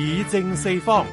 以正四方。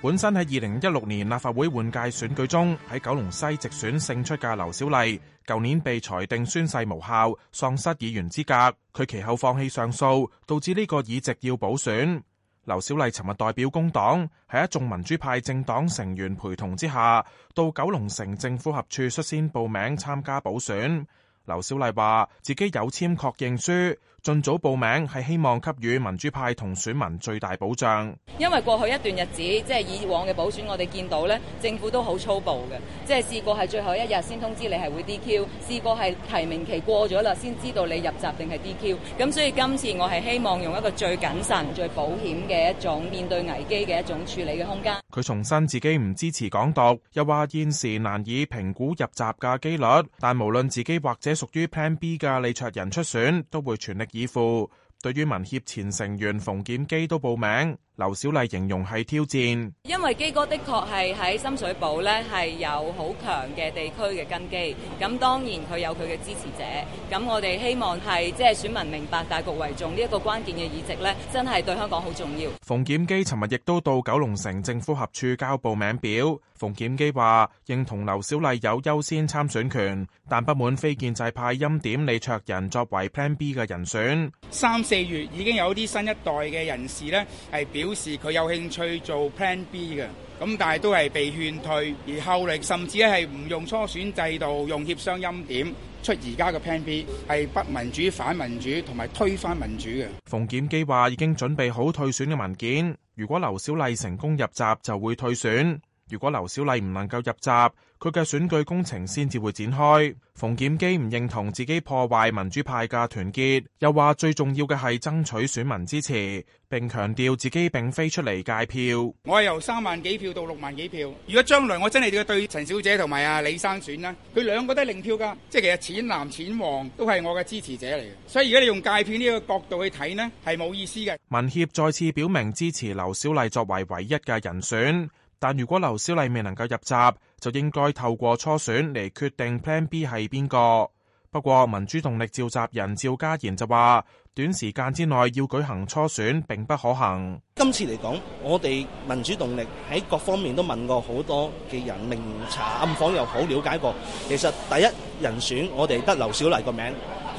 本身喺二零一六年立法會換屆選舉中喺九龍西直選勝出嘅劉小麗，舊年被裁定宣誓無效，喪失議員資格。佢其後放棄上訴，導致呢個議席要補選。劉小麗尋日代表工黨喺一眾民主派政黨成員陪同之下，到九龍城政府合署率先報名參加補選。劉小麗話自己有簽確認書。盡早報名係希望給予民主派同選民最大保障。因為過去一段日子，即係以往嘅補選，我哋見到咧，政府都好粗暴嘅，即係試過係最後一日先通知你係會 DQ，試過係提名期過咗啦先知道你入閘定係 DQ。咁所以今次我係希望用一個最謹慎、最保險嘅一種面對危機嘅一種處理嘅空間。佢重申自己唔支持港獨，又話現時難以評估入閘嘅機率，但無論自己或者屬於 Plan B 嘅李卓人出選，都會全力。以赴。對於民協前成員馮檢基都報名，劉小麗形容係挑戰，因為基哥的確係喺深水埗呢係有好強嘅地區嘅根基，咁當然佢有佢嘅支持者，咁我哋希望係即係選民明白大局為重，呢一個關鍵嘅議席呢真係對香港好重要。馮檢基尋日亦都到九龍城政府合署交報名表。馮檢基話認同劉小麗有優先參選權，但不滿非建制派欽點李卓人作為 Plan B 嘅人選。三四月已經有啲新一代嘅人士呢係表示佢有興趣做 Plan B 嘅，咁但係都係被勸退，而後嚟甚至係唔用初選制度，用協商欽點出而家嘅 Plan B 係不民主、反民主同埋推翻民主嘅。馮檢基話已經準備好退選嘅文件，如果劉小麗成功入閘，就會退選。如果劉小麗唔能夠入閘，佢嘅選舉工程先至會展開。馮檢基唔認同自己破壞民主派嘅團結，又話最重要嘅係爭取選民支持，並強調自己並非出嚟鎅票。我係由三萬幾票到六萬幾票。如果將來我真係要對陳小姐同埋阿李生選咧，佢兩個都係零票噶，即係其實淺藍淺黃都係我嘅支持者嚟嘅。所以如果你用鎅票呢個角度去睇呢，係冇意思嘅。民協再次表明支持劉小麗作為唯一嘅人選。但如果劉小麗未能夠入閘，就應該透過初選嚟決定 Plan B 係邊個。不過民主動力召集人趙家賢就話，短時間之內要舉行初選並不可行。今次嚟講，我哋民主動力喺各方面都問過好多嘅人，明查暗訪又好，了解過。其實第一人選我哋得劉小麗個名，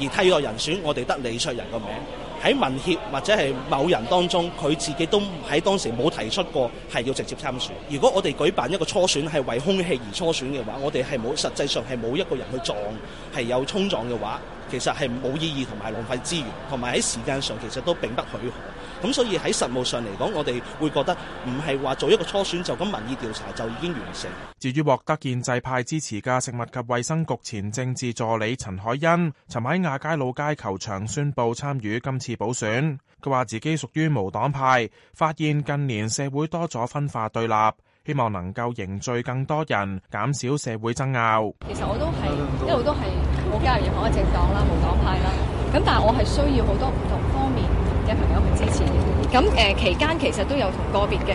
而替代人選我哋得李卓人個名。喺民協或者係某人當中，佢自己都喺當時冇提出過係要直接參選。如果我哋舉辦一個初選係為空氣而初選嘅話，我哋係冇，實際上係冇一個人去撞，係有衝撞嘅話，其實係冇意義同埋浪費資源，同埋喺時間上其實都並不許可。咁所以喺實務上嚟講，我哋會覺得唔係話做一個初選就咁民意調查就已經完成。至於獲得建制派支持嘅食物及衛生局前政治助理陳凱欣，尋喺亞皆老街球場宣布參與今次補選，佢話自己屬於無黨派，發現近年社會多咗分化對立，希望能夠凝聚更多人，減少社會爭拗。其實我都係、嗯嗯嗯、一路都係，冇加入任何一個政黨啦，無黨派啦。咁但係我係需要好多唔同朋友去支持，咁誒期間其實都有同個別嘅，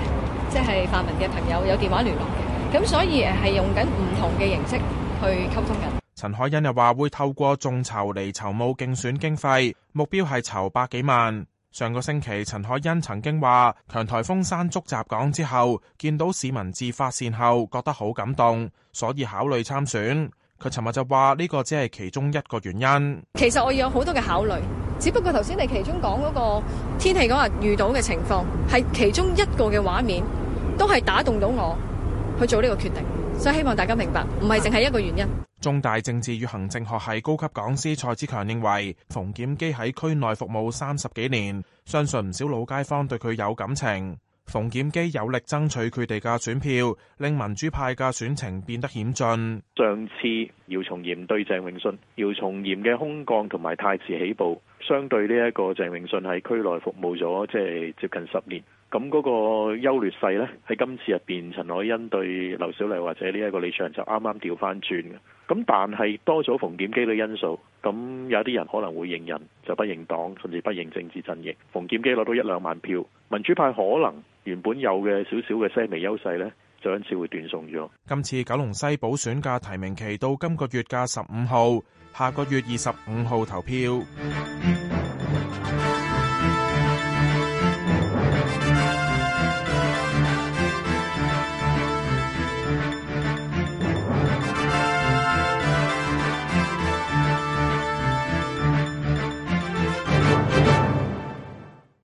即係泛民嘅朋友有電話聯絡嘅，咁所以誒係用緊唔同嘅形式去溝通緊。陳凱欣又話會透過眾籌嚟籌募競選經費，目標係籌百幾萬。上個星期，陳凱欣曾經話強台風山竹襲港之後，見到市民自發善後，覺得好感動，所以考慮參選。佢尋日就話呢個只係其中一個原因。其實我有好多嘅考慮。只不過頭先你其中講嗰個天氣嗰日遇到嘅情況，係其中一個嘅畫面，都係打動到我去做呢個決定，所以希望大家明白，唔係淨係一個原因。中大政治與行政學系高級講師蔡子強認為，馮檢基喺區內服務三十幾年，相信唔少老街坊對佢有感情。馮檢基有力爭取佢哋嘅選票，令民主派嘅選情變得險峻。上次姚松炎對鄭泳舜，姚松炎嘅空降同埋太遲起步，相對呢一個鄭泳舜喺區內服務咗即係接近十年，咁嗰個優劣勢呢，喺今次入邊，陳凱欣對劉小麗或者呢一個李祥就啱啱調翻轉嘅。咁但係多咗馮檢基嘅因素，咁有啲人可能會認人就不認黨，甚至不認政治陣營。馮檢基攞到一兩萬票，民主派可能。原本有嘅少少嘅些微優勢呢，就因此會斷送咗。今次九龍西補選嘅提名期到今個月嘅十五號，下個月二十五號投票。